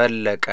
ፈለቀ